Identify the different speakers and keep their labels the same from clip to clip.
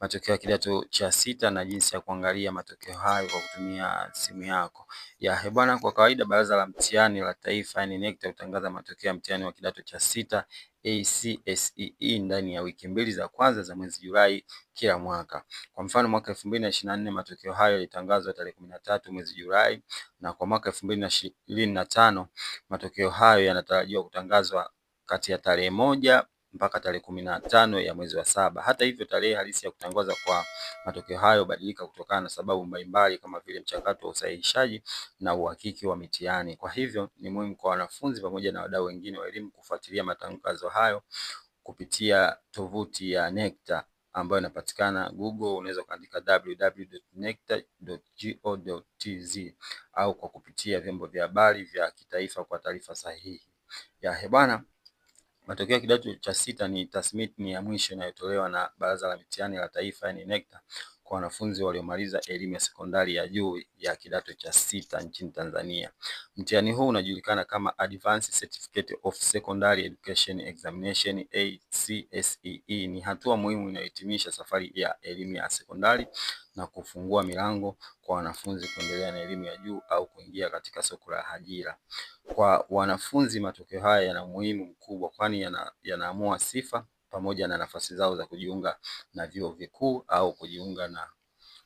Speaker 1: matokeo ya kidato cha sita na jinsi ya kuangalia matokeo hayo kwa kutumia simu yako. Ya bwana, kwa kawaida Baraza la Mtihani la Taifa yani NECTA hutangaza matokeo ya mtihani wa kidato cha sita ACSEE e, ndani ya wiki mbili za kwanza za mwezi Julai kila mwaka. Kwa mfano mwaka elfu mbili na na nne matokeo hayo yalitangazwa tarehe kumi na tatu mwezi Julai na kwa mwaka elfu mbili na ishirini na tano matokeo hayo yanatarajiwa kutangazwa kati ya tarehe moja mpaka tarehe kumi na tano ya mwezi wa saba. Hata hivyo, tarehe halisi ya kutangaza kwa matokeo hayo badilika kutokana na sababu mbalimbali kama vile mchakato wa usahihishaji na uhakiki wa mitihani. Kwa hivyo, ni muhimu kwa wanafunzi pamoja na wadau wengine wa elimu kufuatilia matangazo hayo kupitia tovuti ya NECTA ambayo inapatikana Google, unaweza kuandika www.necta.go.tz au kwa kupitia vyombo vya habari vya kitaifa kwa taarifa sahihi. Ya hebana. Matokeo ya kidato cha sita ni tathmini ya mwisho inayotolewa na Baraza la Mitihani la Taifa yani NECTA kwa wanafunzi waliomaliza elimu ya sekondari ya juu ya kidato cha sita nchini Tanzania. Mtihani huu unajulikana kama Advanced Certificate of Secondary Education Examination ACSEE. E. Ni hatua muhimu inayohitimisha safari ya elimu ya sekondari na kufungua milango kwa wanafunzi kuendelea na elimu ya juu au kuingia katika soko la ajira kwa wanafunzi matokeo haya yana umuhimu mkubwa kwani yanaamua sifa pamoja na nafasi zao za kujiunga na vyuo vikuu au kujiunga na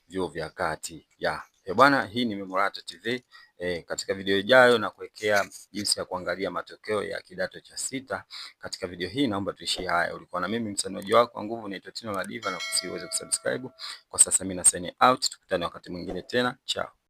Speaker 1: vyuo vya kati. Yeah. bwana hii ni Memorata TV. E, katika video ijayo na kuwekea jinsi ya kuangalia matokeo ya kidato cha sita. Katika video hii naomba tuishie haya. Ulikuwa na mimi msaniaji wako wa nguvu naitwa Tino Ladiva, na usiweze kusubscribe. Kwa sasa mimi na sign out. Tukutane wakati mwingine tena. Ciao.